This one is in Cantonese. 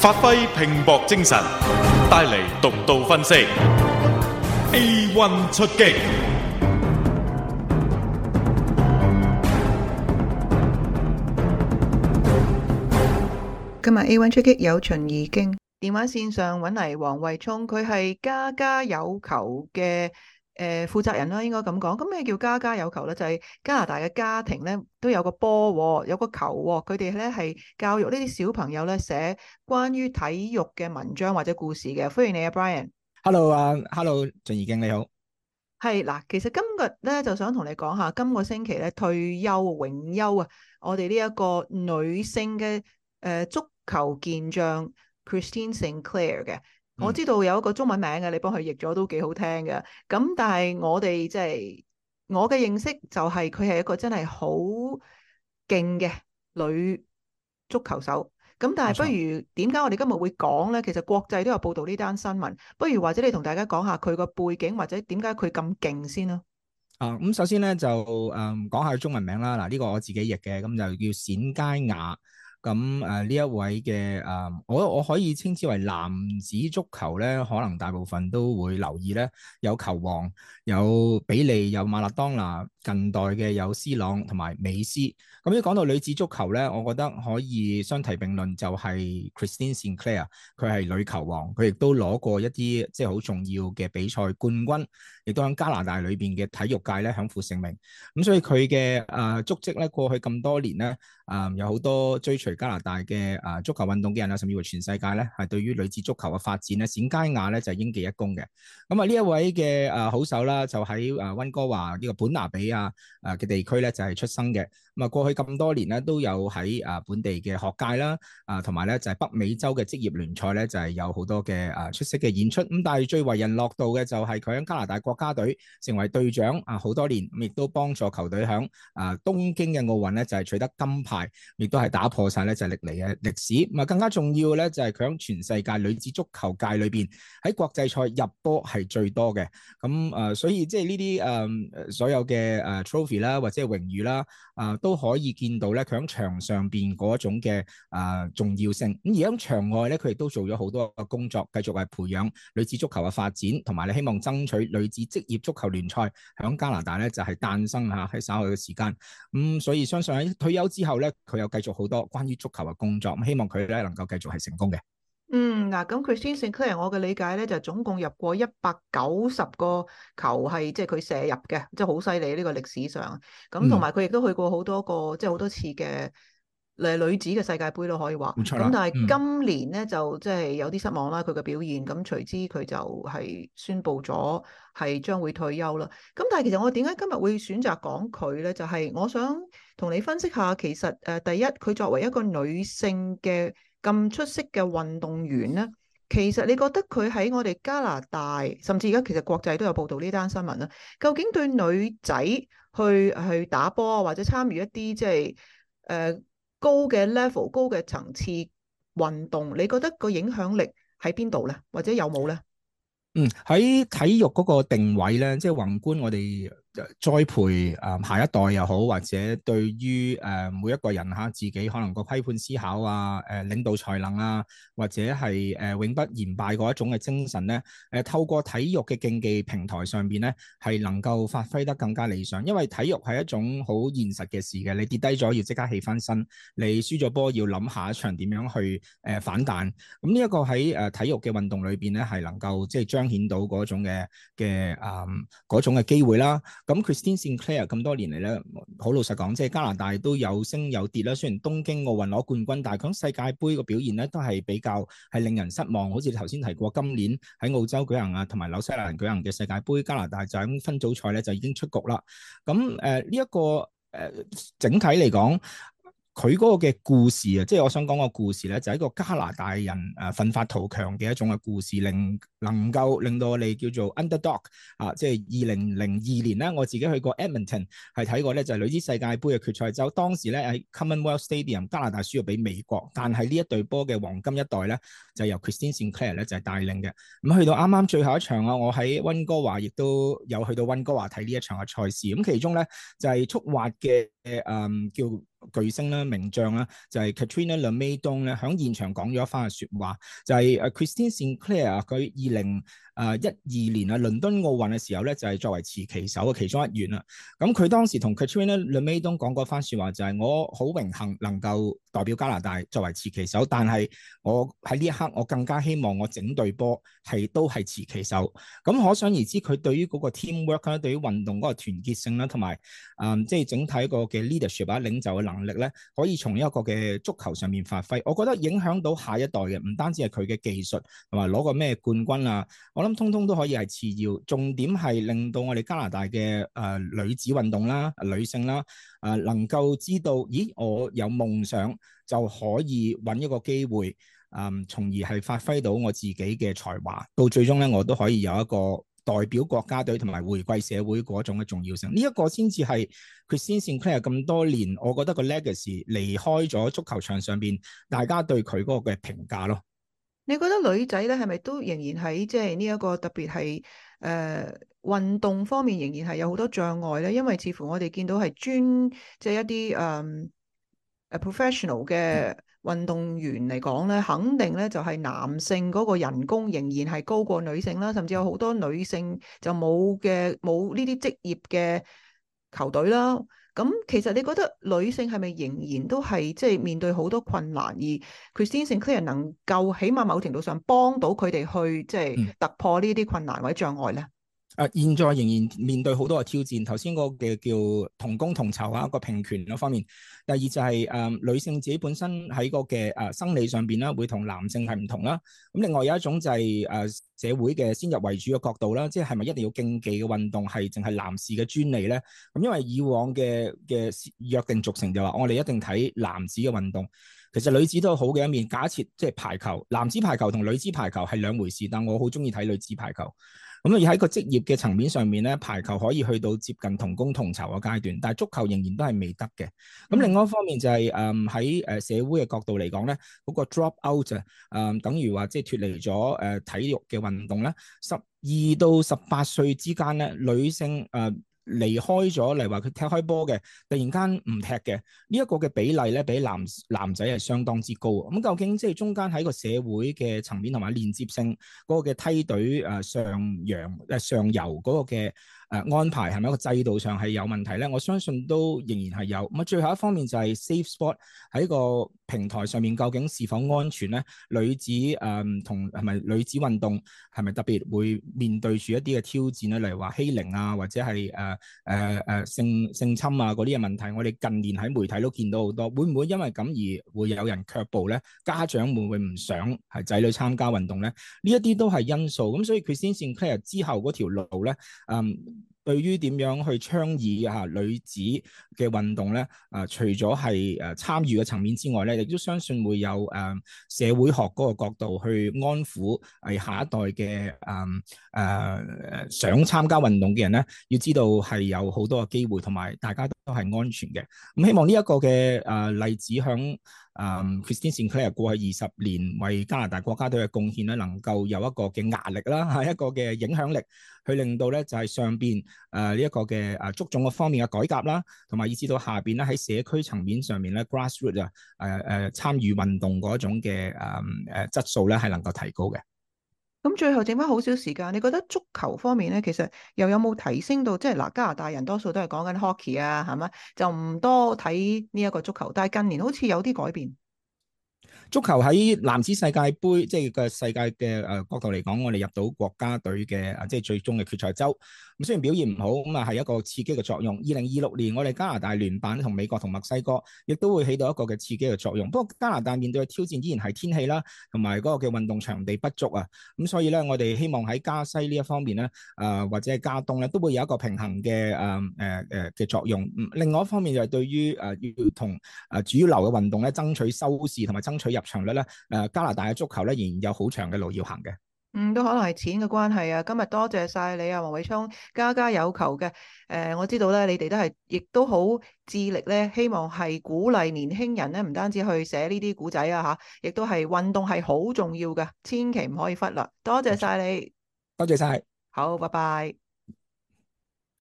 發揮拼搏精神，帶嚟獨到分析。A one 出擊，今日 A one 出擊有秦怡經電話線上揾嚟，黃慧聰，佢係家家有求嘅。誒負、呃、責人啦，應該咁講。咁咩叫家家有球咧？就係、是、加拿大嘅家庭咧都有個波、哦，有個球、哦。佢哋咧係教育呢啲小朋友咧寫關於體育嘅文章或者故事嘅。歡迎你啊，Brian。Hello 啊、uh，Hello，鄭怡敬你好。係嗱，其實今日咧就想同你講下今個星期咧退休永休啊！我哋呢一個女性嘅誒、呃、足球健將 Christine Sinclair 嘅。我知道有一個中文名嘅，你幫佢譯咗都幾好聽嘅。咁但係我哋即係我嘅認識就係佢係一個真係好勁嘅女足球手。咁但係不如點解我哋今日會講咧？冇錯。其實國際都有報導呢單新聞，不如或者你同大家講下佢個背景或者點解佢咁勁先啦。啊，咁、嗯、首先咧就誒、嗯、講下中文名啦。嗱，呢個我自己譯嘅，咁就叫冼佳雅。咁、啊、呢一位嘅、啊、我我可以稱之為男子足球咧，可能大部分都會留意咧，有球王，有比利，有馬拉當拿，近代嘅有 C 朗同埋美斯。咁一講到女子足球咧，我覺得可以相提並論就係 Christine Sinclair，佢係女球王，佢亦都攞過一啲即係好重要嘅比賽冠軍，亦都喺加拿大裏面嘅體育界咧享負盛名。咁所以佢嘅、啊、足跡咧，過去咁多年咧。啊，有好多追隨加拿大嘅啊足球運動嘅人啦，甚至乎全世界咧，係對於女子足球嘅發展咧，冼佳雅咧就應記一功嘅。咁啊，呢一位嘅啊好手啦，就喺啊溫哥華呢個本拿比亞啊嘅地區咧就係出生嘅。咁啊，過去咁多年咧都有喺啊本地嘅學界啦，啊同埋咧就係北美洲嘅職業聯賽咧就係有好多嘅啊出色嘅演出。咁但係最為人樂道嘅就係佢喺加拿大國家隊成為隊長啊，好多年，亦都幫助球隊響啊東京嘅奧運咧就係取得金牌。亦都係打破晒咧，就係歷嚟嘅歷史。咪更加重要咧，就係佢喺全世界女子足球界裏邊，喺國際賽入波係最多嘅。咁誒，所以即係呢啲誒所有嘅誒 trophy 啦，或者係榮譽啦，啊都可以見到咧，佢喺場上邊嗰種嘅啊重要性。咁而喺場外咧，佢亦都做咗好多嘅工作，繼續係培養女子足球嘅發展，同埋你希望爭取女子職業足球聯賽喺加拿大咧就係、是、誕生嚇喺稍後嘅時間。咁、嗯、所以相信喺退休之後咧。佢又繼續好多關於足球嘅工作，咁希望佢咧能夠繼續係成功嘅。嗯，嗱，咁 Christine Sinclair 我嘅理解咧，就係、總共入過一百九十個球係，係即係佢射入嘅，即係好犀利呢個歷史上。咁同埋佢亦都去過好多個，嗯、即係好多次嘅。女子嘅世界盃都可以話，咁但係今年呢，嗯、就即係有啲失望啦，佢嘅表現咁隨之佢就係宣布咗係將會退休啦。咁但係其實我點解今日會選擇講佢呢？就係、係、我想同你分析下，其實誒、呃、第一，佢作為一個女性嘅咁出色嘅運動員呢，其實你覺得佢喺我哋加拿大，甚至而家其實國際都有報導呢單新聞啦。究竟對女仔去去打波或者參與一啲即係誒，就係呃高嘅 level、高嘅層次運動，你覺得個影響力喺邊度咧？或者有冇咧？嗯，喺體育嗰個定位咧，即係宏觀我哋。栽培誒下一代又好，或者對於誒、呃、每一個人嚇自己可能個批判思考啊、誒、呃、領導才能啊，或者係誒、呃、永不言敗嗰一種嘅精神咧，誒、呃、透過體育嘅競技平台上邊咧，係能夠發揮得更加理想。因為體育係一種好現實嘅事嘅，你跌低咗要即刻起翻身，你輸咗波要諗下一,一場點樣去誒、呃、反彈。咁呢一個喺誒、呃、體育嘅運動裏邊咧，係能夠即係彰顯到嗰種嘅嘅誒嗰種嘅機、呃、會啦。咁 Christine Sinclair 咁多年嚟咧，好老實講，即係加拿大都有升有跌啦。雖然東京奧運攞冠軍，但係講世界盃個表現咧都係比較係令人失望。好似你頭先提過，今年喺澳洲舉行啊，同埋紐西蘭舉行嘅世界盃，加拿大就喺分組賽咧就已經出局啦。咁誒呢一個誒、呃、整體嚟講。佢嗰個嘅故事啊，即係我想講個故事咧，就係、是、一個加拿大人誒奮發圖強嘅一種嘅故事，令能，能夠令到我哋叫做 underdog 啊。即係二零零二年咧，我自己去過 Edmonton 係睇過咧，就是、女子世界盃嘅決賽周就當時咧喺 Commonwealth Stadium 加拿大輸咗俾美國，但係呢一隊波嘅黃金一代咧就由 Christine Sinclair 咧就係、是、帶領嘅。咁、嗯、去到啱啱最後一場啊，我喺温哥華亦都有去到温哥華睇呢一場嘅賽事。咁、嗯、其中咧就係速滑嘅誒叫巨星啦、名將啦，就係 Katrina Le Maydon 咧，響現場講咗一番嘅説話，就係 Christine Sinclair 佢二零啊一二年啊倫敦奧運嘅時候咧，就係作為持旗手嘅其中一員啦。咁佢當時同 Katrina Le Maydon 講嗰番説話就係：我好榮幸能夠。代表加拿大作為持旗手，但係我喺呢一刻，我更加希望我整隊波係都係持旗手。咁可想而知，佢對於嗰個 teamwork 啦，對於運動嗰個團結性啦，同埋呃即係整體個嘅 leadership 領袖嘅能力咧，可以從一個嘅足球上面發揮。我覺得影響到下一代嘅唔單止係佢嘅技術同埋攞個咩冠軍啊，我諗通通都可以係次要，重點係令到我哋加拿大嘅、呃、女子運動啦、呃、女性啦、呃，能夠知道咦我有夢想。就可以揾一個機會，嗯，從而係發揮到我自己嘅才華，到最終咧，我都可以有一個代表國家隊同埋回歸社會嗰種嘅重要性。呢、這、一個先至係佢先線 clear 咁多年，我覺得個 legacy 離開咗足球場上邊，大家對佢嗰個嘅評價咯。你覺得女仔咧係咪都仍然喺即係呢一個特別係誒、呃、運動方面仍然係有好多障礙咧？因為似乎我哋見到係專即係、就是、一啲誒。呃誒 professional 嘅運動員嚟講咧，肯定咧就係男性嗰個人工仍然係高過女性啦，甚至有好多女性就冇嘅冇呢啲職業嘅球隊啦。咁其實你覺得女性係咪仍然都係即係面對好多困難，而 Christine Sinclair 能夠起碼某程度上幫到佢哋去即係、就是、突破呢啲困難或者障礙咧？誒，現在仍然面對好多嘅挑戰。頭先個嘅叫同工同酬啊，一個平權方面。第二就係、是、誒、呃、女性自己本身喺、那個嘅誒、呃、生理上邊啦，會同男性係唔同啦。咁、嗯、另外有一種就係、是、誒、呃、社會嘅先入為主嘅角度啦，即係係咪一定要競技嘅運動係淨係男士嘅專利咧？咁、嗯、因為以往嘅嘅約定俗成就話，我哋一定睇男子嘅運動。其實女子都好嘅一面。假設即係、就是、排球，男子排球同女子排球係兩回事，但我好中意睇女子排球。咁而喺個職業嘅層面上面咧，排球可以去到接近同工同酬嘅階段，但係足球仍然都係未得嘅。咁、嗯、另外一方面就係誒喺誒社會嘅角度嚟講咧，嗰、那個 drop out 啊、嗯，誒等於話即係脱離咗誒體育嘅運動啦。十二到十八歲之間咧，女性誒。呃離開咗例如話佢踢開波嘅，突然間唔踢嘅呢一個嘅比例咧，比男男仔係相當之高。咁究竟即係中間喺個社會嘅層面同埋連接性嗰、嗰個嘅梯隊誒、呃、上揚誒、呃、上游嗰個嘅。誒、啊、安排係咪一個制度上係有問題咧？我相信都仍然係有。咁啊，最後一方面就係 Safe Sport 喺個平台上面究竟是否安全咧？女子誒、嗯、同係咪女子運動係咪特別會面對住一啲嘅挑戰咧？例如話欺凌啊，或者係誒誒誒性性侵啊嗰啲嘅問題，我哋近年喺媒體都見到好多。會唔會因為咁而會有人卻步咧？家長會唔會唔想係仔女參加運動咧？呢一啲都係因素。咁所以 Christine Sinclair 之後嗰條路咧，誒、嗯。對於點樣去倡議嚇女子嘅運動咧？啊，除咗係誒參與嘅層面之外咧，亦都相信會有誒社會學嗰個角度去安撫係下一代嘅誒誒想參加運動嘅人咧，要知道係有好多嘅機會，同埋大家都係安全嘅。咁希望呢一個嘅誒例子響。Christine Sinclair 過去二十年為加拿大國家隊嘅貢獻咧，能夠有一個嘅壓力啦，係一個嘅影響力，去令到咧就係、是、上邊誒呢一個嘅誒足總嘅方面嘅改革啦，同埋以至到下邊咧喺社區層面上面咧 grassroot 啊、呃、誒誒、呃、參與運動嗰種嘅誒誒質素咧係能夠提高嘅。咁最後剩返好少時間，你覺得足球方面呢？其實又有冇提升到？即係加拿大人多數都係講緊 hockey 啊，係嘛，就唔多睇呢一個足球，但係近年好似有啲改變。足球喺男子世界杯即係個世界嘅，誒角度嚟講，我哋入到國家隊嘅啊，即係最終嘅決賽周。咁雖然表現唔好，咁啊係一個刺激嘅作用。二零二六年，我哋加拿大聯辦同美國同墨西哥，亦都會起到一個嘅刺激嘅作用。不過加拿大面對嘅挑戰依然係天氣啦，同埋嗰個嘅運動場地不足啊。咁所以咧，我哋希望喺加西呢一方面咧，誒、呃、或者係加東咧，都會有一個平衡嘅誒誒誒嘅作用。嗯，另外一方面就係對於誒要同誒主流嘅運動咧爭取收視同埋爭取入場率咧，誒，加拿大嘅足球咧仍然有好長嘅路要行嘅。嗯，都可能係錢嘅關係啊。今日多謝晒你啊，黃偉聰，家家有球嘅。誒、呃，我知道咧，你哋都係，亦都好致力咧，希望係鼓勵年輕人咧，唔單止去寫呢啲古仔啊，吓、啊，亦都係運動係好重要嘅，千祈唔可以忽略。多謝晒你，多謝晒，好，拜拜。